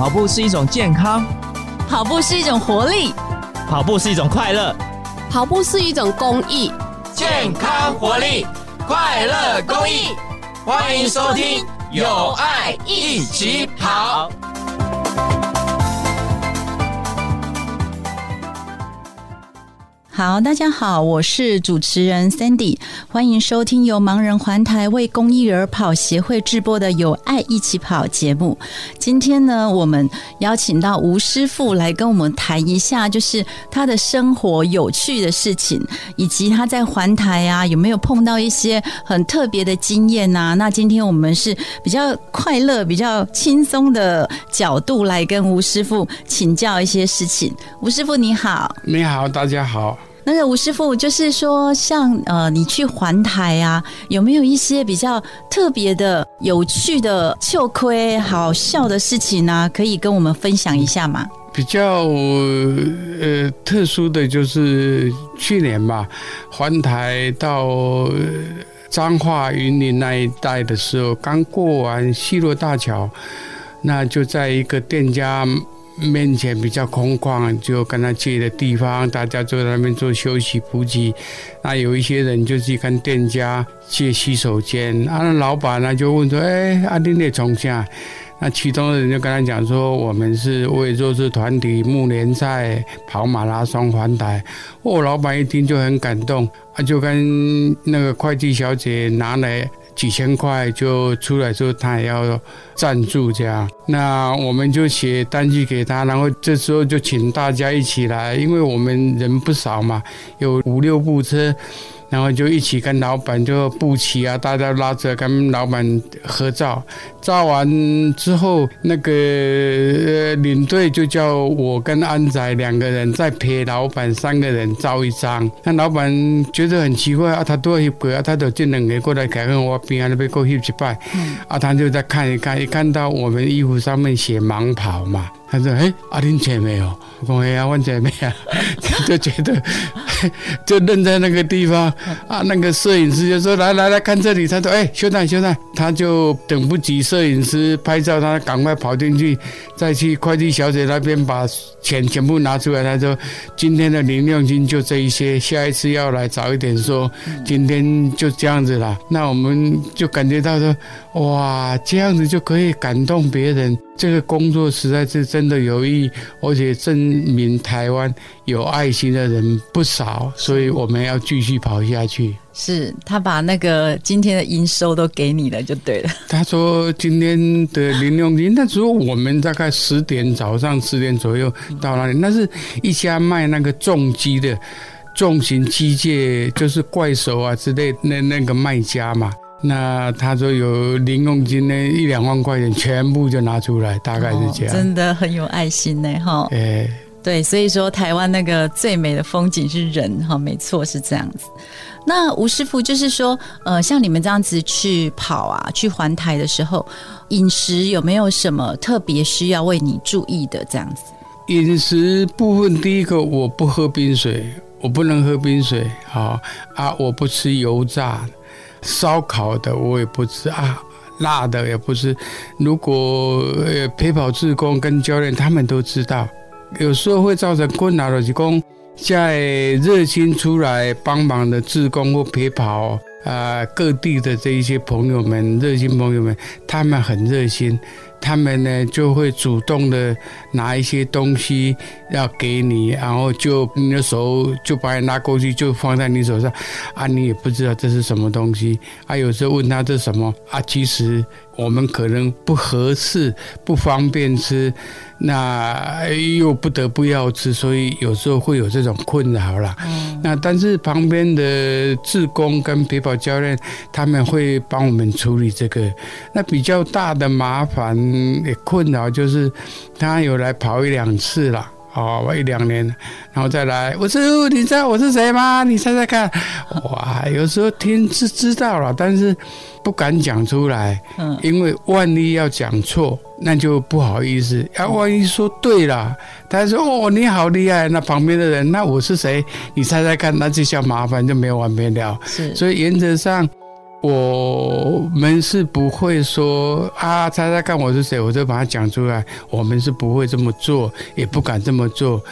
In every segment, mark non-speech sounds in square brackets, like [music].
跑步是一種健康，跑步是一種活力，跑步是一種快樂，跑步是一種公益。健康、活力、快樂、公益，歡迎收聽《有愛一起跑》。好，大家好，我是主持人 Sandy，歡迎收聽由盲人環台為公益而跑協會制播的《有愛一起跑》節目。今天呢，我們邀請到吳師傅來跟我們談一下，就是他的生活有趣的事情，以及他在環台啊有沒有碰到一些很特別的經驗吶，啊？那今天我們是比較快樂、比較輕鬆的角度來跟吳師傅請教一些事情。吳師傅你好，你好，大家好。那吳師傅就是說，像呃，你去環台啊，有沒有一些比較特別的、有趣的、趣 [laughs] 虧好笑的事情呢、啊？可以跟我們分享一下嗎？比較呃特殊的就是去年吧，環台到彰化雲林那一帶的時候，剛過完西螺大橋，那就在一個店家面前比較空曠，就跟他借的地方，大家坐在那邊做休息補給。那有一些人就去跟店家借洗手間，啊，老闆呢就問說：“哎、欸，阿、啊、丁你從下？”那其中的人就跟他講說：“我們是為弱勢團體木聯賽跑馬拉松環台。”哦，老闆一聽就很感動，啊，就跟那個快遞小姐拿來。幾千塊就出來之後，他也要贊助這樣，那我們就寫單據給他，然後這時候就請大家一起來，因為我們人不少嘛，有五六部車。然後就一起跟老板就布旗啊，大家拉着跟老板合照。照完之後，那個呃領隊就叫我跟安仔兩個人再陪老板三個人照一張。那老板覺得很奇怪啊，他多一去啊，他都就兩個過來看看我邊啊那邊過去一拜。啊，他就再、啊、看一看，一看到我們衣服上面寫“盲跑”嘛，他說：“哎、欸，阿林姐沒有。哦”我說、啊：“哎呀，我姐沒有。”他就覺得。 [laughs] 就愣在那個地方、嗯、啊！那個攝影師就說：“來來來看這裡。”他說：“哎、欸，兄長，兄長，他就等不及攝影師拍照，他趕快跑進去，再去快遞小姐那邊把錢全部拿出來。”他說：“今天的零用金就這一些，下一次要來早一點說，今天就這樣子了。”那我們就感覺到說。哇，這樣子就可以感動別人。這個工作實在是真的有益，而且證明台灣有愛心的人不少，所以我們要繼續跑下去。是他把那個今天的營收都給你了，就對了。他說今天的零用金，那時候我們大概十點早上十點左右到那裡，那是一家賣那個重機的重型機械，就是怪手啊之類的那那個賣家嘛。那他說有零用金呢，一兩萬塊錢全部就拿出來，大概是這樣。哦、真的很有愛心呢，哈。誒，對，所以說台灣那個最美的風景是人，哈，沒錯是這樣子。那吳師傅就是說，呃，像你們這樣子去跑啊，去環台的時候，飲食有沒有什麼特別需要為你注意的？這樣子。飲食部分，第一個我不喝冰水，我不能喝冰水，好啊，我不吃油炸。燒烤的我也不吃啊，辣的也不吃。如果呃陪跑志工跟教練他們都知道，有時候會造成困難的是志工，在熱心出來幫忙的志工或陪跑啊，各地的這一些朋友們，熱心朋友們，他們很熱心。他們呢就會主動的拿一些東西要給你，然後就你的手就把你拉過去，就放在你手上，啊，你也不知道這是什麼東西，啊，有時候問他這是什麼，啊，其實。我們可能不合適、不方便吃，那又不得不要吃，所以有時候會有這種困擾啦。那但是旁邊的志工跟陪跑教練他們會幫我們處理這個。那比較大的麻煩、也困擾就是，他有來跑一兩次啦。哦，我一兩年，然後再來。我說，你知道我是誰嗎？你猜猜看。哇，有時候聽是知道了，但是不敢講出來，嗯，因為萬一要講錯，那就不好意思。要、啊、萬一說對了，他說哦，你好厲害。那旁邊的人，那我是誰？你猜猜看，那這下麻煩，就沒有完沒了。是，所以原則上。我們是不會說啊，猜猜看我是誰，我就把它講出來。我們是不會這麼做，也不敢這麼做。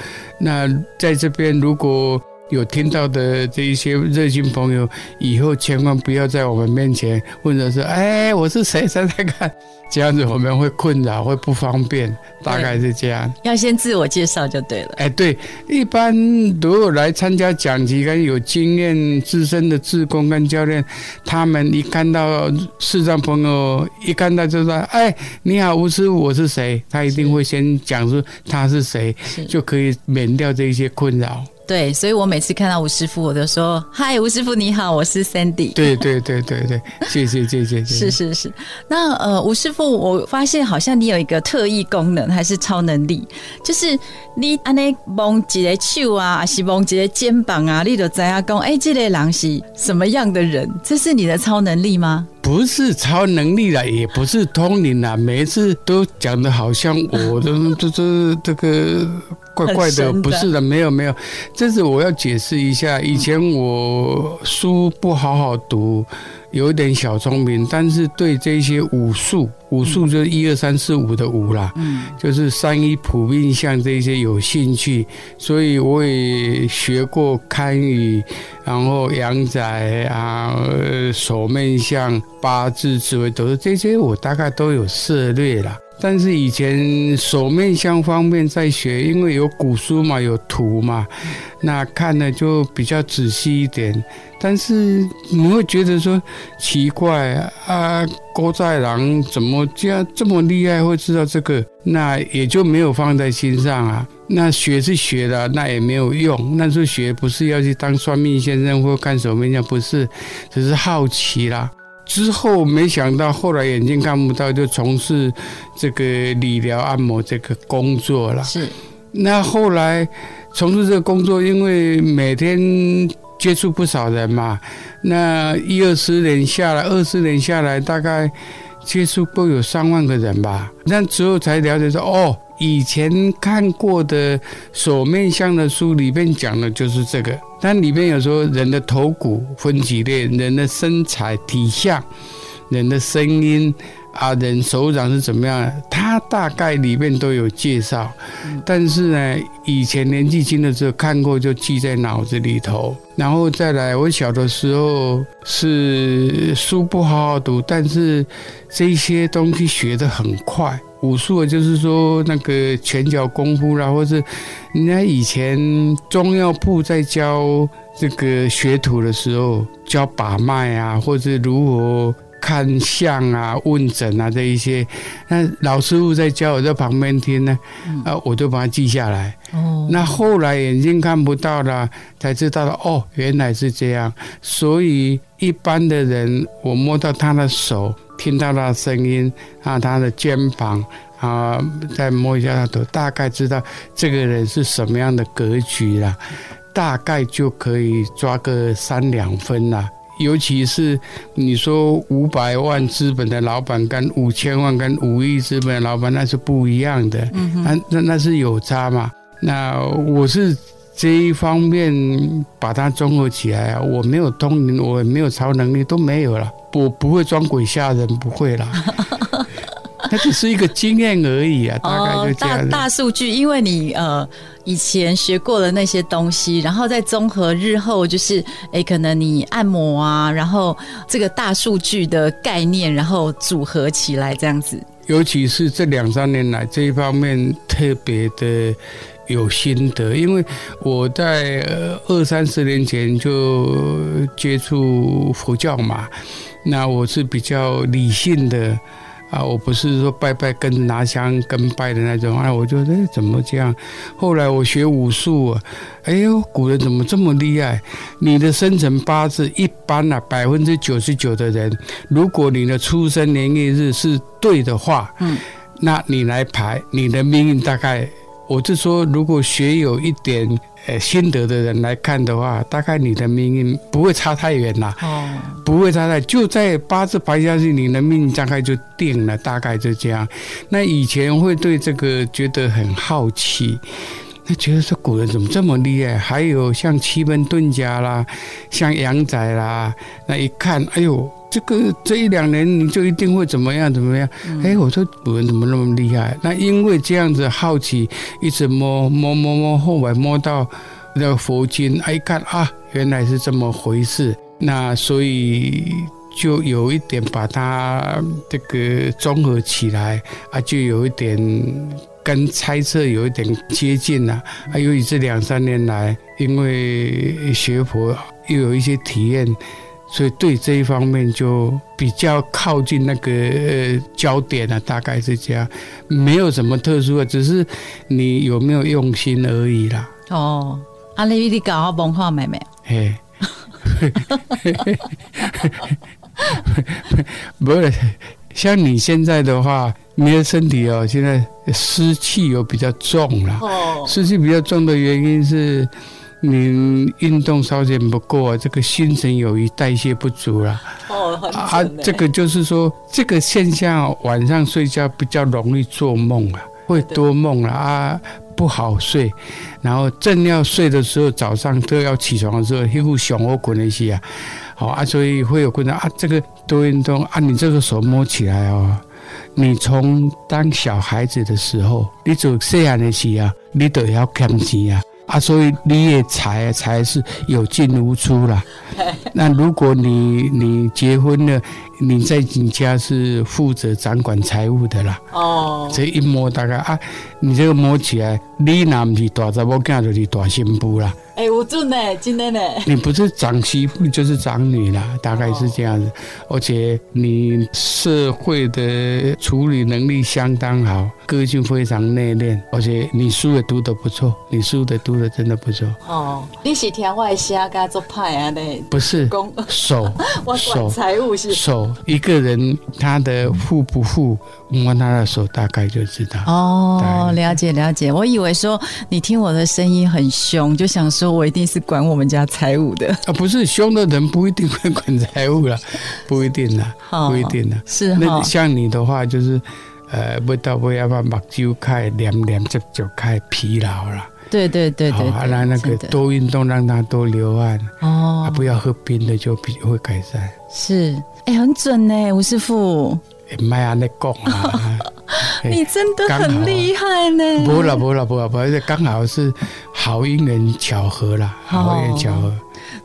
那在這邊，如果。有聽到的這一些熱心朋友，以後千萬不要在我們面前問人是哎、欸，我是誰？在哪看，這樣子我們會困擾，會不方便。大概是這樣。要先自我介紹就對了。哎、欸，對，一般如果來參加講級跟有經驗資深的志工跟教練，他們一看到視障朋友，一看到就說：“哎、欸，你好，吳師傅，我是誰？”他一定會先講出他是誰，就可以免掉這一些困擾。對，所以我每次看到吳師傅，我都說：“嗨，吳師傅，你好，我是 Sandy。”對,對，對，對，對，對，謝謝，謝謝，謝謝。是，是,是，是, [laughs] 是,是,是。那呃，吳師傅，我發現好像你有一個特異功能，還是超能力，就是你按呢摸一個丘啊，還是摸一個肩膀啊，你都知道說哎這個人是什麼樣的人？這是你的超能力嗎？不是超能力了，也不是通靈了，每一次都講的好像我的這這這個怪怪的，的不是的，沒有沒有，這是我要解釋一下，以前我書不好好讀。有點小聰明，但是對這些武術，武術就是一二三四五的五啦、嗯，就是三一普命相這些有興趣，所以我也學過堪輿，然後陽宅啊、呃，手命相、八字智慧、方位，都是這些我大概都有涉獵啦。但是以前手面相方面在學，因為有古書嘛，有圖嘛，那看的就比較仔細一點。但是你會覺得說奇怪啊，古早人怎麼這樣這麼厲害，會知道這個？那也就沒有放在心上啊。那學是學了，那也沒有用。那時候學不是要去當算命先生或看手面相，不是，只是好奇啦。之後沒想到，後來眼睛看不到，就從事這個理療按摩這個工作了。是，那後來從事這個工作，因為每天接觸不少人嘛，那一二十年下來，二十年下來，大概接觸過有上萬個人吧。那之後才了解說，哦，以前看過的所面向的書裡面講的就是這個。但裡面有說，人的頭骨分幾類，人的身材體相，人的聲音。啊，人手掌是怎麼樣的？他大概裡面都有介紹，嗯，但是呢，以前年紀輕的時候看過就記在腦子裡頭，然後再來。我小的時候是書不好好讀，但是這些東西學得很快。武術就是說那個拳腳功夫啦，或者是人家以前中藥鋪在教這個學徒的時候，教把脈啊，或者如何。看相啊、問診啊這一些，那老師傅在教，我在旁邊聽呢，啊、嗯，我就把它記下來、嗯。那後來眼睛看不到了，才知道了哦，原來是這樣。所以一般的人，我摸到他的手，聽到他的聲音，啊，他的肩膀啊、呃，再摸一下他的頭，大概知道這個人是什麼樣的格局了，大概就可以抓個三兩分了。尤其是你說五百萬資本的老板跟五千萬、跟五億資本的老板，那是不一樣的，那那那是有差嘛？那我是這一方面把它綜合起來啊，我沒有通靈，我沒有超能力，都沒有啦，我不會裝鬼嚇人，不會啦。 [laughs] 它只是一個經驗而已啊，大概就這樣子。哦，大大數據，因為你呃以前學過的那些東西，然後再綜合，日後就是哎、欸，可能你按摩啊，然後這個大數據的概念，然後組合起來這樣子。尤其是這兩三年來這一方面特別的有心得，因為我在呃二三十年前就接觸佛教嘛，那我是比較理性的。啊，我不是說拜拜跟拿香跟拜的那種啊，我就哎、欸、怎麼這樣？後來我學武術、啊，哎呦，古人怎麼這麼厲害？你的生辰八字一般啊，百分之九十九的人，如果你的出生年月日是對的話，嗯，那你來排你的命運大概，我是說如果學有一點。呃，先得的人來看的話，大概你的命運不會差太遠了，嗯，不會差太，就在八字排下去，你的命運大概就定了，大概就這樣。那以前會對這個覺得很好奇。覺得說古人怎麼這麼厲害？還有像奇門遁甲啦，像楊仔啦，那一看，哎呦，這個這一兩年你就一定會怎麼樣怎麼樣。哎，我說古人怎麼那麼厲害？那因為這樣子好奇，一直摸摸摸摸，後來摸到那個佛經，一看啊，原來是這麼回事。那所以就有一點把它這個綜合起來啊，就有一點。跟猜測有一點接近啊，啊由於這兩三年來，因為學佛又有一些體驗，所以對這一方面就比較靠近那個呃焦點了、啊。大概是這樣，沒有什麼特殊的，只是你有沒有用心而已啦。哦，阿麗麗搞文化妹妹，嘿，嘿嘿嘿不是，像你現在的話。你的身體哦，現在濕氣又比較重了。oh. 濕氣比較重的原因是，你運動稍顯不夠，這個新陳代謝不足了。oh。啊，這個就是說，這個現象晚上睡覺比較容易做夢啊，會多夢了啊，不好睡。然後正要睡的時候，早上都要起床的時候，一副熊火滾那些、個、啊，好啊，所以會有困難啊。這個多運動啊，你這個手摸起來哦。你從當小孩子的時候，你做這樣的事啊，你都要看齊啊，啊，所以你的財，財是有進無出啦。Okay. 那如果你你結婚了，你在你家是負責掌管財務的啦。哦，這一摸大概啊，你這個摸起來，你那不是大丈夫，那就是大丈母啦？哎、欸，我真的，今天呢，你不是長媳婦就是長女啦，大概是這樣子，哦。而且你社會的處理能力相當好，個性非常內斂，而且你書也讀得不錯，你書的讀得真的不錯。哦，你是天外線杆做派啊的？不是，工手手我管財務是手，一個人他的富不富，摸他的手大概就知道。哦，了解了解，我以為說你聽我的聲音很凶，就想說。我一定是管我們家財務的啊，不是凶的人不一定會管財務啦，不一定啦， [laughs] 不一定啦，是啊，那像你的話就是，呃，沒到沒要到不要把目睭開，涼涼，只腳開疲勞了，對對對對，好那、啊、那個多運動讓他多流汗哦，他、啊、不要喝冰的就比會改善，哦、是，哎、欸，很準呢、欸，吳師傅，哎、欸，麥啊，那講啊。你真的很厲害呢！不了不了不了，不是，剛好是好姻緣，巧合啦，好緣巧合。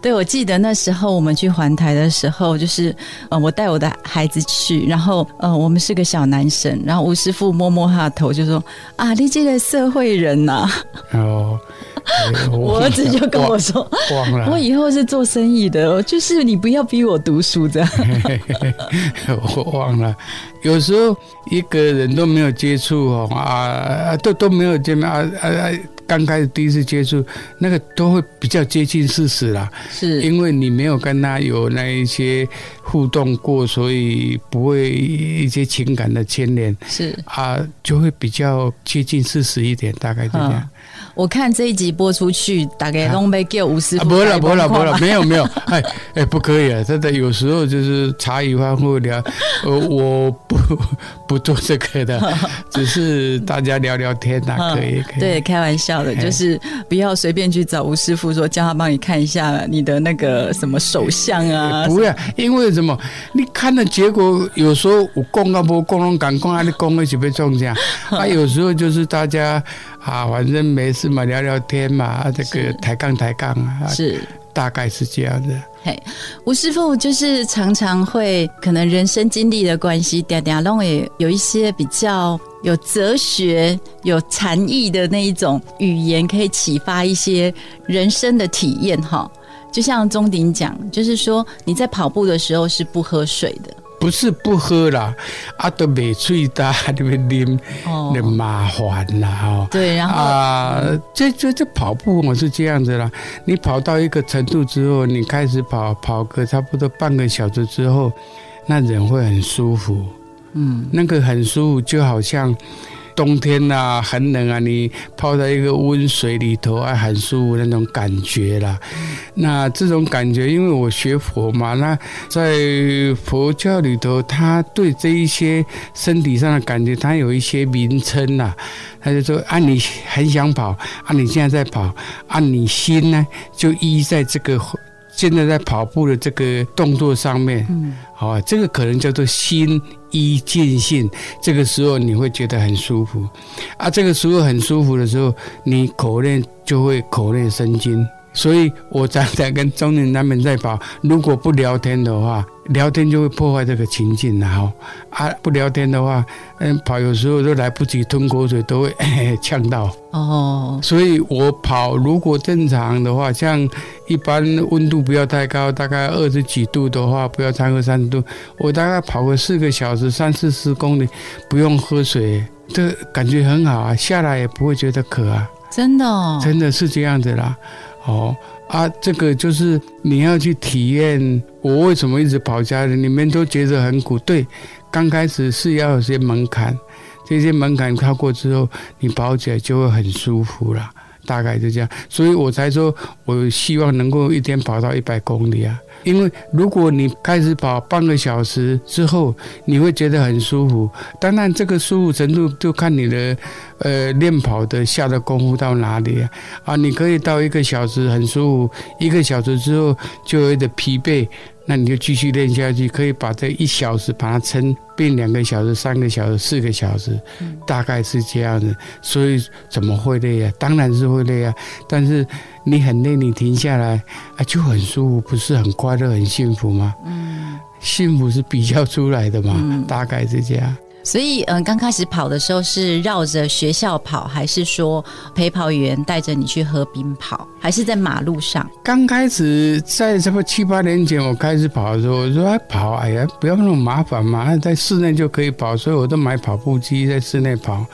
對，我記得那時候我們去環台的時候，就是、呃、我帶我的孩子去，然後、呃、我們是個小男生，然後吳師傅摸摸他的頭就說：“啊，你這個社會人吶、啊。”哦、哎我，我兒子就跟我說忘忘了：“我以後是做生意的，就是你不要逼我讀書。”這樣嘿嘿，我忘了。有時候一個人都沒有接觸啊，都都沒有見面啊！啊剛開始第一次接觸，那個都會比較接近事實啦，是因為你沒有跟他有那一些互動過，所以不會一些情感的牽連，是啊，就會比較接近事實一點，大概就這樣。嗯我看這一集播出去，大概弄被叫吳師傅、啊。不、啊、了，不了，不了，沒有沒有，哎 [laughs] 不可以啊！真的，有時候就是茶餘飯後聊， [laughs] 呃，我不不做這個的， [laughs] 只是大家聊聊天、啊，那 [laughs] 可以可以。對，開玩笑的，就是不要隨便去找吳師傅說叫他幫你看一下你的那個什麼手相啊。不會、啊，因為什麼？你看的結果，有時候我公幹部、公人幹工，他的一起被中獎。他、 [laughs] 啊、有時候就是大家。啊，反正沒事嘛，聊聊天嘛，這個抬槓抬槓啊，是啊，大概是這樣的。嘿，吳師傅就是常常會可能人生經歷的關係，點點弄也有一些比較有哲學、有禪意的那一種語言，可以啟發一些人生的體驗哈。就像鍾鼎講，就是說你在跑步的時候是不喝水的。不是不喝啦，阿、啊、都沒醉的，你們啉，你麻煩啦。對，然後啊，這這這跑步我是這樣子啦，你跑到一個程度之後，你開始跑，跑個差不多半個小時之後，那人會很舒服。嗯，那個很舒服，就好像。冬天吶，很冷啊，你泡在一個溫水裡頭啊，很舒服那種感覺啦。那這種感覺，因為我學佛嘛，那在佛教裡頭，他對這一些身體上的感覺，他有一些名稱吶。他就說，按你很想跑，按你現在在跑，按你心呢，就依在這個。現在在跑步的這個動作上面，好、嗯，這個可能叫做心一盡興，這個時候你會覺得很舒服，啊，這個時候很舒服的時候，你口念就會口念生津。所以，我常常跟中年男人在跑。如果不聊天的話，聊天就會破壞這個情境然後、哦、啊，不聊天的話，嗯，跑有時候都來不及吞口水，都會嗆到。哦、oh.。所以我跑，如果正常的話，像一般溫度不要太高，大概二十幾度的話，不要超過三十度。我大概跑個四個小時，三四十公里，不用喝水，這感覺很好啊，下來也不會覺得渴啊。真的、哦。真的是這樣子啦。哦，啊，這個就是你要去體驗我為什麼一直跑家裡，你們都覺得很苦。對，剛開始是要有些門檻，這些門檻跨過之後，你跑起來就會很舒服了，大概就這樣。所以我才說，我希望能夠一天跑到一百公里啊。因為如果你開始跑半個小時之後，你會覺得很舒服。當然，這個舒服程度就看你的，呃，練跑的下的功夫到哪裡啊。啊，你可以到一個小時很舒服，一個小時之後就有點疲憊。那你就繼續練下去，可以把這一小時把它撐變兩個小時、三個小時、四個小時，大概是這樣子。所以怎麼會累啊？當然是會累啊。但是你很累，你停下來啊，就很舒服，不是很快樂、很幸福嗎？幸福是比較出來的嘛，大概是這樣。所以，嗯，剛開始跑的時候是繞着學校跑，還是說陪跑員帶着你去河邊跑，還是在馬路上？剛開始在什麼七八年前，我開始跑的時候，我說哎跑，哎呀，不要那麼麻煩嘛，在室內就可以跑，所以我都買跑步機在室內跑。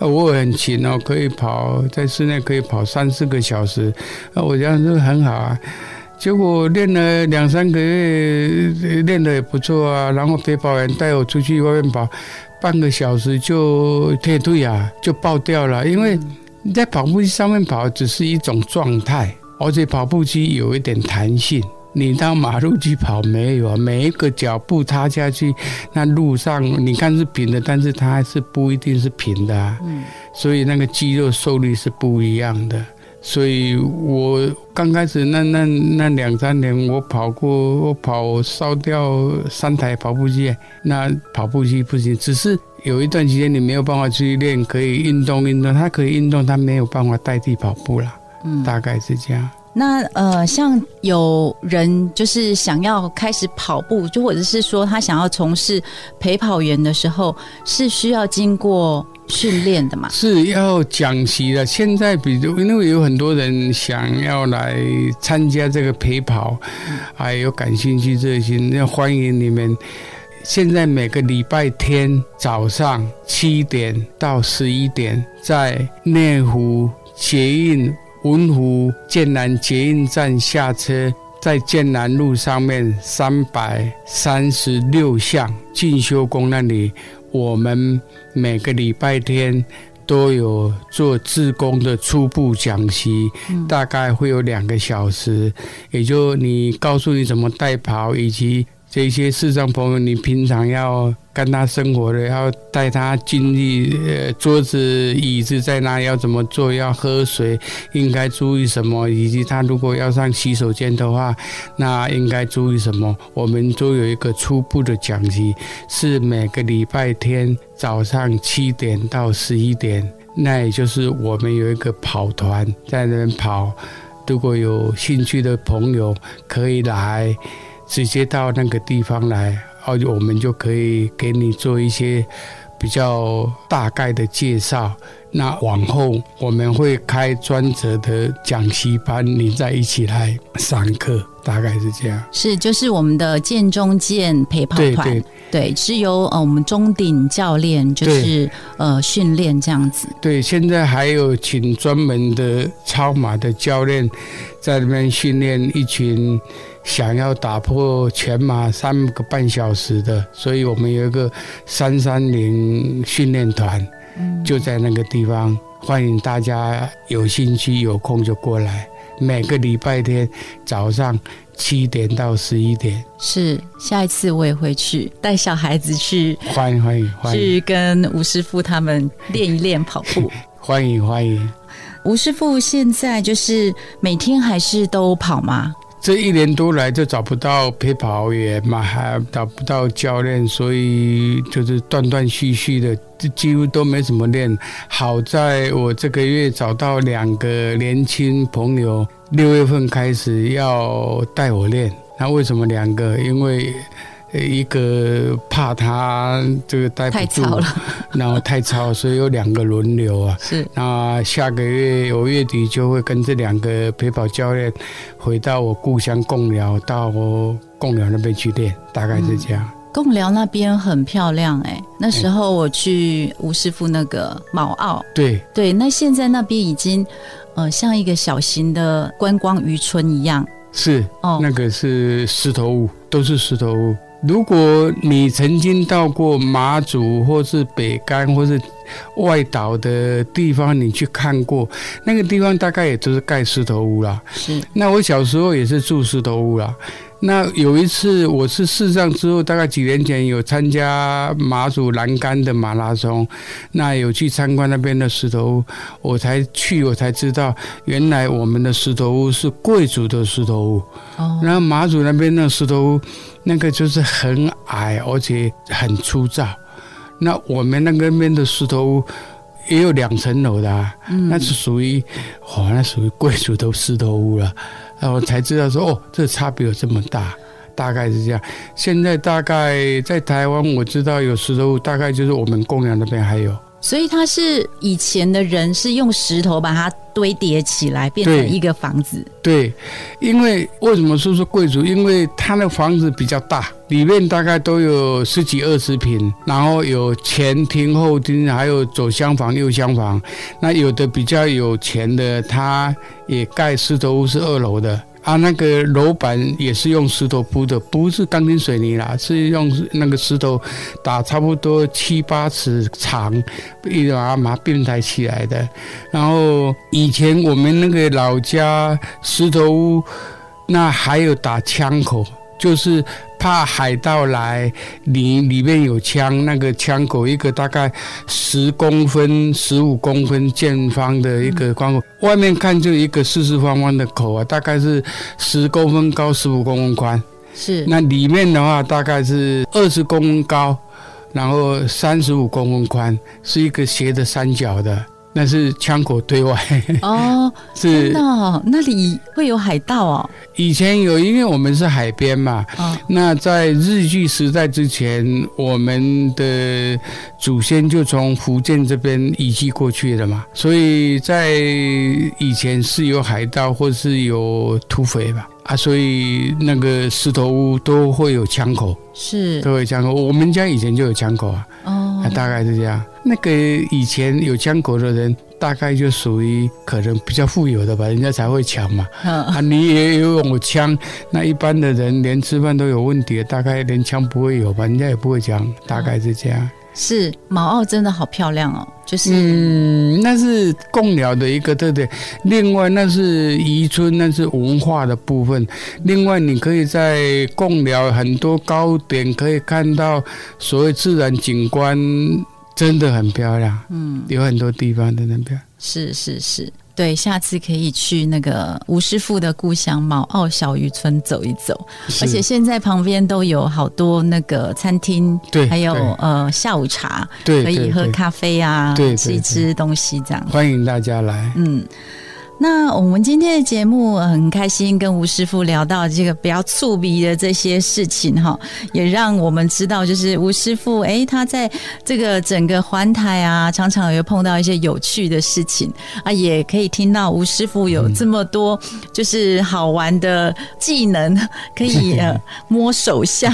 我很勤哦，可以跑，在室內可以跑三四個小時，那我這樣就很好啊。結果練了兩三個月，練得也不錯啊。然後陪跑員帶我出去外面跑，半個小時就退隊啊，就爆掉了。因為你在跑步機上面跑只是一種狀態，而且跑步機有一點彈性。你到馬路去跑沒有，啊，每一個腳步踏下去，那路上你看是平的，但是它還是不一定是平的。啊。所以那個肌肉受力是不一樣的。所以我剛開始那那那兩三年，我跑過，我跑燒掉三台跑步機。那跑步機不行，只是有一段時間你沒有辦法去練，可以運動運動，它可以運動，它沒有辦法代替跑步了。嗯，大概是這樣、嗯。那呃，像有人就是想要開始跑步，就或者是說他想要從事陪跑員的時候，是需要經過。訓練的嘛，是要講習的。現在，比如因為有很多人想要來參加這個陪跑，哎，有感興趣，這些。要歡迎你們。現在每個禮拜天早上七點到十一點，在內湖捷運文湖劍南捷運站下車，在劍南路上面三百三十六巷進修宮那裡。我們每個禮拜天都有做志工的初步講習，嗯，大概會有兩個小時，也就你告訴你怎麼帶跑以及。這些視障朋友，你平常要跟他生活的，要帶他進去，呃、桌子、椅子在哪裡，要怎麼坐，要喝水，應該注意什麼，以及他如果要上洗手間的話，那應該注意什麼，我們都有一個初步的講解，是每個禮拜天早上七點到十一點，那也就是我們有一個跑團在那邊跑，如果有興趣的朋友可以來。直接到那個地方來，然後，我們就可以給你做一些比較大概的介紹。那往後我們會開專責的講習班，你再一起來上課，大概是這樣。是，就是我們的劍中劍陪跑團，對，對，對，對，是由呃我們中鼎教練就是呃訓練這樣子。對，現在還有請專門的超馬的教練在那邊訓練一群想要打破全馬三個半小時的，所以我們有一個三三零訓練團。就在那個地方，歡迎大家有興趣有空就過來。每個禮拜天早上七點到十一點。是，下一次我也會去帶小孩子去。歡迎歡迎歡迎，去跟吳師傅他們練一練跑步。 [laughs] 歡迎歡迎，吳師傅現在就是每天還是都跑嗎？這一年多來，就找不到陪跑員嘛，還找不到教練，所以就是斷斷續續的，幾乎都沒怎麼練。好在我這個月找到兩個年輕朋友，六月份開始要帶我練。那為什麼兩個？因為。一個怕他這個待不住，太吵了， [laughs] 然後太吵，所以有兩個輪流啊。是，那下個月五月底就會跟這兩個陪跑教練回到我故鄉貢寮，到我貢寮那邊去練，大概是這樣。嗯，貢寮那邊很漂亮欸，誒，那時候我去吳師傅那個卯澳，對對，那現在那邊已經呃像一個小型的觀光漁村一樣。是哦，那個是石頭屋，都是石頭屋。如果你曾經到過馬祖，或是北竿，或是外島的地方，你去看過那個地方，大概也都是蓋石頭屋啦。是。那我小時候也是住石頭屋啦。那有一次我是視障之後，大概幾年前有參加馬祖南竿的馬拉松，那有去參觀那邊的石頭屋，我才去，我才知道原來我們的石頭屋是貴族的石頭屋。哦。然後馬祖那邊的石頭屋。那個就是很矮，而且很粗糙。那我們那個面的石頭屋也有兩層樓的，啊嗯，那是屬於，哦，那屬於貴族的石頭屋了。那我才知道說，哦，這個，差別有這麼大，大概是這樣。現在大概在台灣，我知道有石頭屋，大概就是我們公館那邊還有。所以他是以前的人是用石頭把它堆疊起來變成一個房子。對，對，因為為什麼說是，是貴族？因為他的房子比較大，裡面大概都有十幾二十坪，然後有前廳後廳，還有左廂房右廂房。那有的比較有錢的，他也蓋石頭屋，是二樓的。啊，那個樓板也是用石頭鋪的，不是鋼筋水泥啦，是用那個石頭打差不多七八尺長，一阿媽、啊、並排起來的。然後以前我們那個老家石頭屋，那還有打槍口。就是怕海盜來，裡裡面有槍，那個槍口一個大概十公分、十五公分見方的一個關口，外面看就一個四四方方的口啊，大概是十公分高、十五公分寬，是。那裡面的話大概是二十公分高，然後三十五公分寬，是一個斜的三角的。那是槍口對外哦，是的，那裡會有海盜哦？以前有，因為我們是海邊嘛。哦，那在日據時代之前，我們的祖先就從福建這邊移居過去的嘛，所以在以前是有海盜或是有土匪吧。啊，所以那個石頭屋都會有槍口，是都會有槍口。我們家以前就有槍口啊，哦、oh. 啊，大概是這樣。那個以前有槍口的人，大概就屬於可能比較富有的吧，人家才會搶嘛。Oh. 啊，你也有用槍，那一般的人連吃飯都有問題，大概連槍不會有吧，人家也不會搶，大概是這樣。Oh. 是毛澳真的好漂亮哦，就是嗯，那是貢寮的一個特點。另外那是漁村，那是文化的部分。另外你可以在貢寮很多高點可以看到，所謂自然景觀真的很漂亮。嗯，有很多地方真的很漂亮。是是是。是對，下次可以去那個吳師傅的故鄉毛奧、哦、小漁村走一走，而且現在旁邊都有好多那個餐廳，還有呃下午茶，可以喝咖啡啊，吃一吃東西這樣，歡迎大家來，嗯。那我們今天的節目很開心，跟吳師傅聊到這個比較粗鄙的這些事情哈，也讓我們知道，就是吳師傅哎，他在這個整個環台啊，常常有碰到一些有趣的事情啊，也可以聽到吳師傅有這麼多就是好玩的技能，可以摸手相、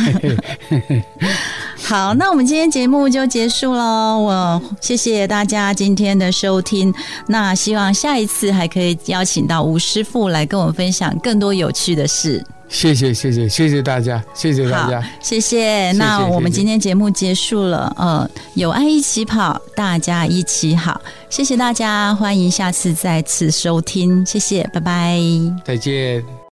嗯。 [laughs] 好，那我們今天節目就結束嘍，我謝謝大家今天的收聽，那希望下一次還可以。邀請到吳師傅來跟我們分享更多有趣的事。謝謝謝謝謝謝大家，謝謝大家，好，謝謝，謝謝。那我們今天節目結束了，呃、嗯，有愛一起跑，大家一起好，謝謝大家，歡迎下次再次收聽，謝謝，拜拜，再見。